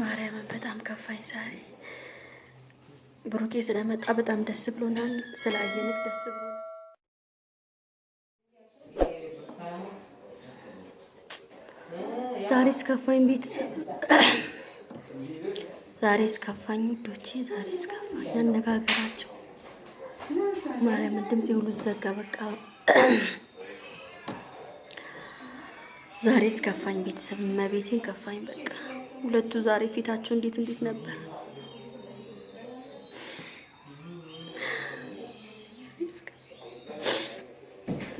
ማርያምን በጣም ከፋኝ ዛሬ። ብሩኬ ስለመጣ በጣም ደስ ብሎናል። ስላየንክ ደስ ብሎናል። ዛሬ እስከፋኝ ቤት ዛሬ እስከፋኝ ውዶቼ፣ ዛሬ እስከፋኝ ያነጋገራቸው ማርያምን ድምፅ የሁሉ ዘጋ። በቃ ዛሬ እስከፋኝ ቤተሰብ፣ መቤቴን ከፋኝ በቃ ሁለቱ ዛሬ ፊታቸው እንዴት እንዴት ነበር?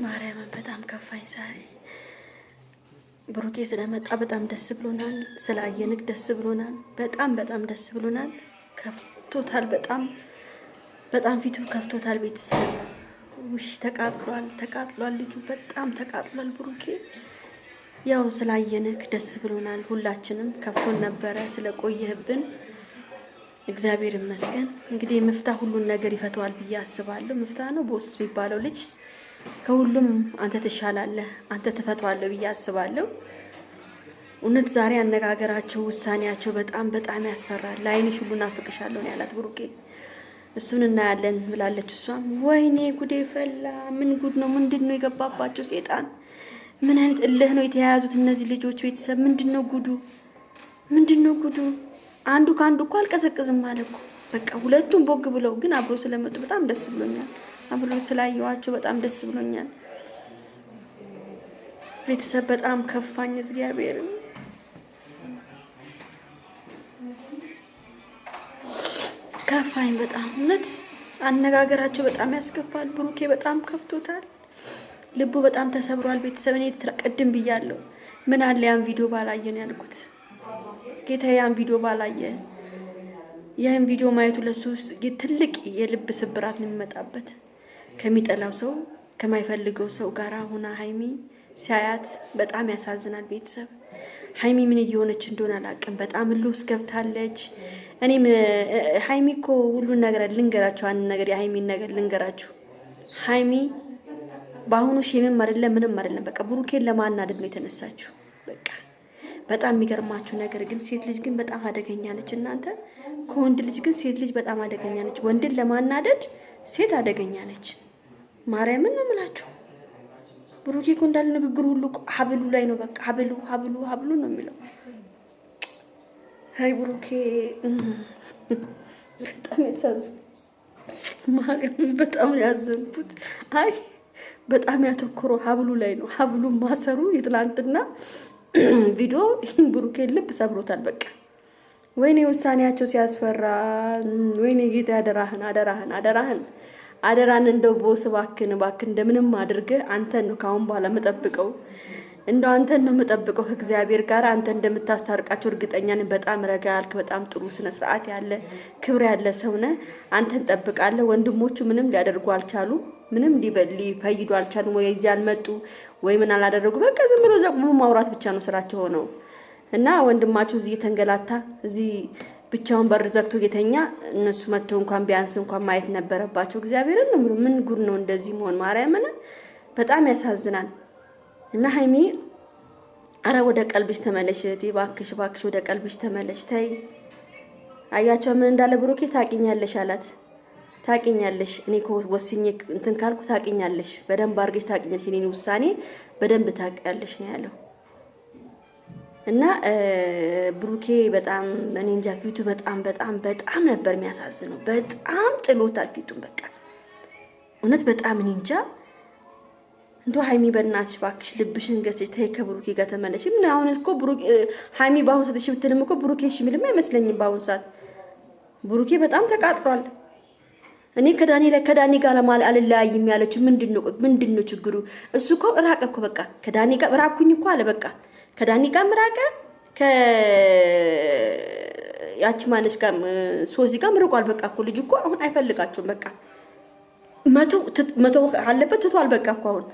ማርያምን በጣም ከፋኝ ዛሬ። ብሩኬ ስለመጣ በጣም ደስ ብሎናል። ስለአየንክ ደስ ብሎናል። በጣም በጣም ደስ ብሎናል። ከፍቶታል። በጣም በጣም ፊቱ ከፍቶታል። ቤተሰብ ውሽ ተቃጥሏል፣ ተቃጥሏል። ልጁ በጣም ተቃጥሏል ብሩኬ ያው ስላየንህ ደስ ብሎናል። ሁላችንም ከፍቶን ነበረ ስለቆየህብን እግዚአብሔር ይመስገን። እንግዲህ ምፍታ ሁሉን ነገር ይፈተዋል ብዬ አስባለሁ። ምፍታ ነው ቦስ የሚባለው ልጅ ከሁሉም አንተ ትሻላለህ፣ አንተ ትፈተዋለህ ብዬ አስባለሁ። እውነት ዛሬ አነጋገራቸው፣ ውሳኔያቸው በጣም በጣም ያስፈራል። ለአይንሽ ሁሉ ናፍቅሻለሁ ነው ያላት ብሩኬ። እሱን እናያለን ብላለች እሷም። ወይኔ ጉዴ ፈላ! ምን ጉድ ነው? ምንድን ነው የገባባቸው ሴጣን ምን አይነት እልህ ነው የተያያዙት እነዚህ ልጆች? ቤተሰብ ምንድን ነው ጉዱ? ምንድን ነው ጉዱ? አንዱ ከአንዱ እኮ አልቀዘቅዝም አለ እኮ። በቃ ሁለቱም ቦግ ብለው ግን አብሮ ስለመጡ በጣም ደስ ብሎኛል። አብሮ ስላየዋቸው በጣም ደስ ብሎኛል። ቤተሰብ በጣም ከፋኝ። እግዚአብሔር ከፋኝ በጣም እውነት። አነጋገራቸው በጣም ያስከፋል። ብሩኬ በጣም ከፍቶታል። ልቡ በጣም ተሰብሯል። ቤተሰብ እኔ ቅድም ብያለሁ፣ ምን አለ ያን ቪዲዮ ባላየ ነው ያልኩት። ጌታ ያን ቪዲዮ ባላየ ያን ቪዲዮ ማየቱ ለሱ ትልቅ የልብ ስብራት ነው የሚመጣበት። ከሚጠላው ሰው ከማይፈልገው ሰው ጋር ሁና ሀይሚ ሲያያት በጣም ያሳዝናል። ቤተሰብ ሀይሚ ምን እየሆነች እንደሆነ አላውቅም። በጣም ልብ ውስጥ ገብታለች። እኔም ሀይሚ እኮ ሁሉን ነገር ልንገራችሁ፣ አንድ ነገር የሀይሚን ነገር ልንገራችሁ ሀይሚ በአሁኑ ሼምም አይደለም ምንም አይደለም። በቃ ብሩኬን ለማናደድ ነው የተነሳችው። በቃ በጣም የሚገርማችሁ ነገር ግን ሴት ልጅ ግን በጣም አደገኛ ነች። እናንተ ከወንድ ልጅ ግን ሴት ልጅ በጣም አደገኛ ነች። ወንድን ለማናደድ ሴት አደገኛ ነች። ማርያምን ነው የምላችሁ። ብሩኬ እኮ እንዳለ ንግግር ሁሉ ሀብሉ ላይ ነው። በቃ ሀብሉ ሀብሉ ሀብሉ ነው የሚለው። አይ ብሩኬ በጣም ያሳዝን ማርያምን በጣም ያዘንኩት አይ በጣም ያተኮረው ሀብሉ ላይ ነው። ሀብሉ ማሰሩ የትላንትና ቪዲዮ ይህን ብሩኬን ልብ ሰብሮታል። በቃ ወይኔ ውሳኔያቸው ሲያስፈራ፣ ወይኔ ጌታ አደራህን አደራህን አደራህን አደራን እንደው ቦስ እባክህን እንደምንም አድርገህ አንተን ነው ከአሁን በኋላ የምጠብቀው እንደው አንተን ነው የምጠብቀው ከእግዚአብሔር ጋር አንተ እንደምታስታርቃቸው እርግጠኛ ነኝ። በጣም ረጋ ያልክ በጣም ጥሩ ስነ ስርዓት ያለ ክብር ያለ ሰው ነህ። አንተን ጠብቃለህ። ወንድሞቹ ምንም ሊያደርጉ አልቻሉ፣ ምንም ሊፈይዱ አልቻሉ። ወይ እዚህ አልመጡ ወይ ምን አላደረጉ። በቃ ዝም ብሎ ዘቁሙ ማውራት ብቻ ነው ስራቸው ሆነው እና ወንድማቸው እዚህ እየተንገላታ እዚህ ብቻውን በር ዘግቶ ጌተኛ እነሱ መጥቶ እንኳን ቢያንስ እንኳን ማየት ነበረባቸው። እግዚአብሔርን ምን ጉድ ነው እንደዚህ መሆን? ማርያምን በጣም ያሳዝናል። እና ሀይሚ አረ ወደ ቀልብሽ ተመለሽ እህቴ፣ እባክሽ እባክሽ ወደ ቀልብሽ ተመለሽ። ተይ አያቸው ምን እንዳለ ብሩኬ፣ ታቂኛለሽ አላት። ታቂኛለሽ እኔ ወስኜ እንትን ካልኩ ታቂኛለሽ፣ በደንብ አድርገሽ ታቂኛለሽ፣ የኔን ውሳኔ በደንብ ታቂያለሽ ነው ያለው። እና ብሩኬ በጣም እኔ እንጃ ፊቱ በጣም በጣም በጣም ነበር የሚያሳዝነው። በጣም ጥሎታል ፊቱን በቃ እውነት በጣም እኔ እንጃ እንዲሁ ሀይሚ በእናትሽ እባክሽ ልብሽን ገዝተሽ ተይ ከብሩኬ ጋር ተመለሽ። ምን አሁን እኮ ሀይሚ በአሁኑ ሰዓት እሺ ብትልም እኮ ብሩኬ እሺ የሚልም አይመስለኝም። በአሁኑ ሰዓት ብሩኬ በጣም ተቃጥሯል። እኔ ከዳኒ ከዳኒ ጋር አልለያይም ያለችው ምንድን ነው ችግሩ? እሱ እኮ ራቀ እኮ በቃ ከዳኒ ጋር ራኩኝ እኮ አለ በቃ ከዳኒ ምራቀ ከ ያቺ ማነች ጋር ሶዚ ጋር ምርቋል። በቃ እኮ ልጅ እኮ አሁን አይፈልጋቸውም። በቃ መቶ መቶ አለበት ትቷል። በቃ እኮ አሁን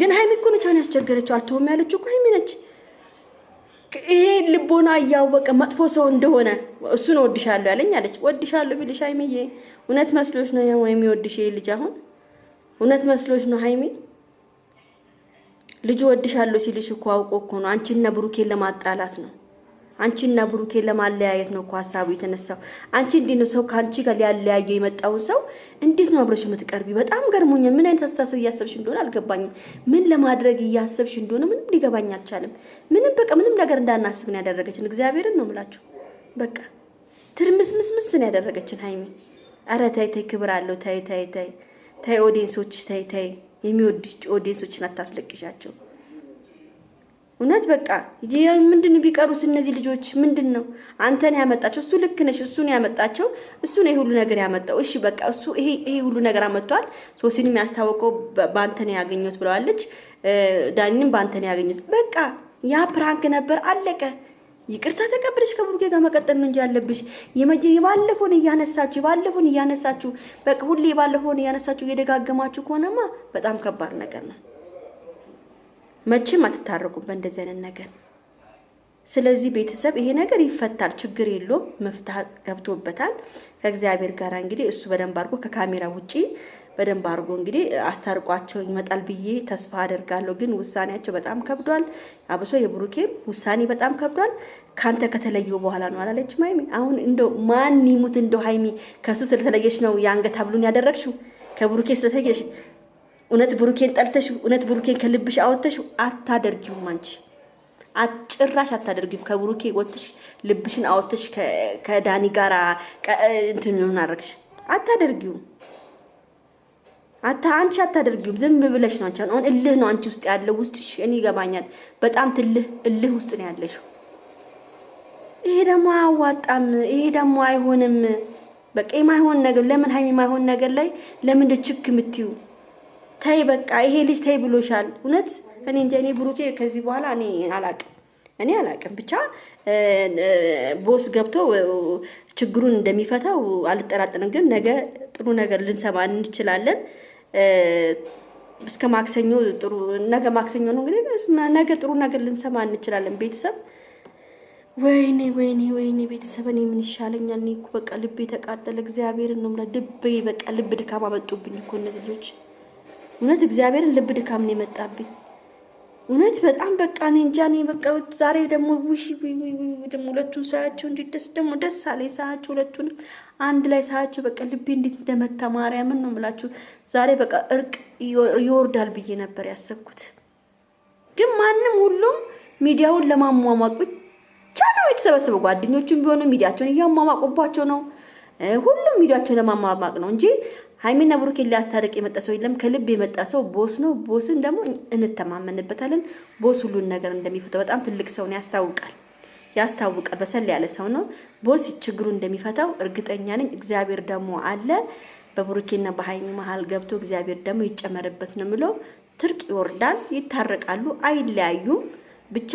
ግን ሀይሚ እኮ ነች ያስቸገረችው። አልተውም ያለችው እኮ ሀይሚ ነች። ይሄ ልቦና እያወቀ መጥፎ ሰው እንደሆነ እሱን ወድሻለሁ ያለኝ አለች። ወድሻለሁ ቢልሽ ሀይሚዬ እውነት መስሎች ነው ወይም የወድሽ ይሄ ልጅ አሁን እውነት መስሎች ነው ሀይሚ ልጁ ወድሻለሁ ሲልሽ እኮ አውቆ እኮ ነው አንቺን ብሩኬን ለማጣላት ነው። አንቺና ብሩኬን ለማለያየት ነው እኮ ሀሳቡ የተነሳው። አንቺ እንዴት ነው ሰው ከአንቺ ጋር ሊያለያየው የመጣውን ሰው እንዴት ነው አብረሽ የምትቀርቢ? በጣም ገርሞኛል። ምን አይነት አስተሳሰብ እያሰብሽ እንደሆነ አልገባኝም። ምን ለማድረግ እያሰብሽ እንደሆነ ምንም ሊገባኝ አልቻለም። ምንም በቃ ምንም ነገር እንዳናስብን ያደረገችን እግዚአብሔርን ነው የምላችሁ። በቃ ትርምስምስምስ ነው ያደረገችን ሀይሚ። ኧረ ተይ ተይ፣ ክብር አለው። ተይ ተይ ተይ ተይ፣ ኦዲየንሶች ተይ ተይ፣ የሚወድሽ ኦዲየንሶችን አታስለቅሻቸው። እውነት በቃ ምንድን ቢቀሩስ እነዚህ ልጆች ምንድን ነው? አንተን ያመጣቸው እሱ ልክ ነሽ። እሱን ያመጣቸው እሱ ነው ሁሉ ነገር ያመጣው። እሺ በቃ እሱ ይሄ ሁሉ ነገር አመጥቷል። ሶሲንም ያስታወቀው በአንተ ነው ያገኘት ብለዋለች። ዳኒንም በአንተ ነው ያገኘት። በቃ ያ ፕራንክ ነበር፣ አለቀ። ይቅርታ ተቀብለሽ ከቡርጌ ጋር መቀጠል ነው እንጂ ያለብሽ። የባለፈውን እያነሳችሁ የባለፈውን እያነሳችሁ በቃ ሁሌ የባለፈውን እያነሳችሁ እየደጋገማችሁ ከሆነማ በጣም ከባድ ነገር ነው። መቼም አትታረቁም በእንደዚህ አይነት ነገር። ስለዚህ ቤተሰብ ይሄ ነገር ይፈታል፣ ችግር የለውም። መፍትሄ ገብቶበታል ከእግዚአብሔር ጋር እንግዲህ እሱ በደንብ አድርጎ ከካሜራ ውጪ በደንብ አድርጎ እንግዲህ አስታርቋቸው ይመጣል ብዬ ተስፋ አደርጋለሁ። ግን ውሳኔያቸው በጣም ከብዷል። አብሶ የብሩኬም ውሳኔ በጣም ከብዷል። ካንተ ከተለየው በኋላ ነው አላለች ሀይሚ? አሁን እንደው ማን ይሙት እንደው ሀይሚ ከእሱ ስለተለየች ነው የአንገት ሀብሉን ያደረግሽው ከብሩኬ ስለተለየች እውነት ብሩኬን ጠልተሽ እውነት ብሩኬን ከልብሽ አወጥተሽ አታደርጊውም። አንቺ አጭራሽ አታደርጊም። ከብሩኬ ወጥሽ ልብሽን አወጥተሽ ከዳኒ ጋር እንትን ምን አደረግሽ? አታደርጊውም። አታ አንቺ አታደርጊውም። ዝም ብለሽ ነው። አንቺ አሁን እልህ ነው አንቺ ውስጥ ያለው ውስጥሽ፣ እኔ ይገባኛል። በጣም ትልህ እልህ ውስጥ ነው ያለሽው። ይሄ ደግሞ አያዋጣም። ይሄ ደግሞ አይሆንም። በቃ የማይሆን ነገር ለምን ሀይሚ የማይሆን ነገር ላይ ለምን ችክ የምትይው? ተይ በቃ ይሄ ልጅ ተይ ብሎሻል። እውነት እኔ እንጃ። እኔ ብሩኬ ከዚህ በኋላ እኔ አላቅም እኔ አላቅም። ብቻ ቦስ ገብቶ ችግሩን እንደሚፈታው አልጠራጠርም። ግን ነገ ጥሩ ነገር ልንሰማ እንችላለን። እስከ ማክሰኞ ጥሩ ነገ ማክሰኞ ነው እንግዲህ ነገ ጥሩ ነገር ልንሰማ እንችላለን። ቤተሰብ ወይኔ ወይኔ ወይኔ ቤተሰብ እኔ ምን ይሻለኛል? እኔ እኮ በቃ ልቤ ተቃጠለ። እግዚአብሔር ነው የምልህ። ልቤ በቃ ልብ ድካማ መጡብኝ እኮ እነዚህ ልጆች። እውነት እግዚአብሔርን ልብ ድካም ነው የመጣብኝ። እውነት በጣም በቃ እኔ እንጃ እኔ በቃ ዛሬ ደግሞ ውሽ ደግሞ ሁለቱን ሳያቸው እንዲደስ ደግሞ ደስ አለ ሳያቸው ሁለቱንም አንድ ላይ ሳያቸው በቃ ልቤ እንዴት እንደመታ ማርያምን ነው የምላችሁ። ዛሬ በቃ እርቅ ይወርዳል ብዬ ነበር ያሰብኩት፣ ግን ማንም ሁሉም ሚዲያውን ለማሟሟቅ ብቻ ነው የተሰበሰበ። ጓደኞቹም ቢሆኑ ሚዲያቸውን እያሟሟቁባቸው ነው። ሁሉም ሚዲያቸውን ለማሟሟቅ ነው እንጂ ሀይሜና ብሩኬን ሊያስታርቅ የመጣ ሰው የለም። ከልብ የመጣ ሰው ቦስ ነው። ቦስን ደግሞ እንተማመንበታለን። ቦስ ሁሉን ነገር እንደሚፈታው በጣም ትልቅ ሰው ነው፣ ያስታውቃል ያስታውቃል። በሰል ያለ ሰው ነው። ቦስ ችግሩ እንደሚፈታው እርግጠኛ ነኝ። እግዚአብሔር ደግሞ አለ በብሩኬና በሀይሜ መሀል ገብቶ እግዚአብሔር ደግሞ ይጨመርበት ነው የምለው። ትርቅ ይወርዳል፣ ይታረቃሉ፣ አይለያዩም ብቻ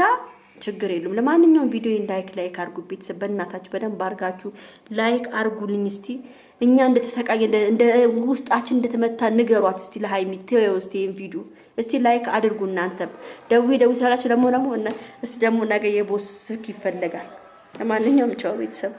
ችግር የለም። ለማንኛውም ቪዲዮ ላይክ ላይክ አርጉ። ቤተሰብ በእናታችሁ በደንብ አርጋችሁ ላይክ አርጉልኝ። እስቲ እኛ እንደተሰቃየ እንደ ውስጣችን እንደተመታ ንገሯት እስቲ ለሀይሚ ተወው እስቲ ይሄን ቪዲዮ እስቲ ላይክ አድርጉ። እናንተ ደዊ ደዊ ስላላችሁ ደግሞ ደግሞ እስቲ ደግሞ ነገ የቦስ ስልክ ይፈለጋል። ለማንኛውም ቻው ቤተሰብ።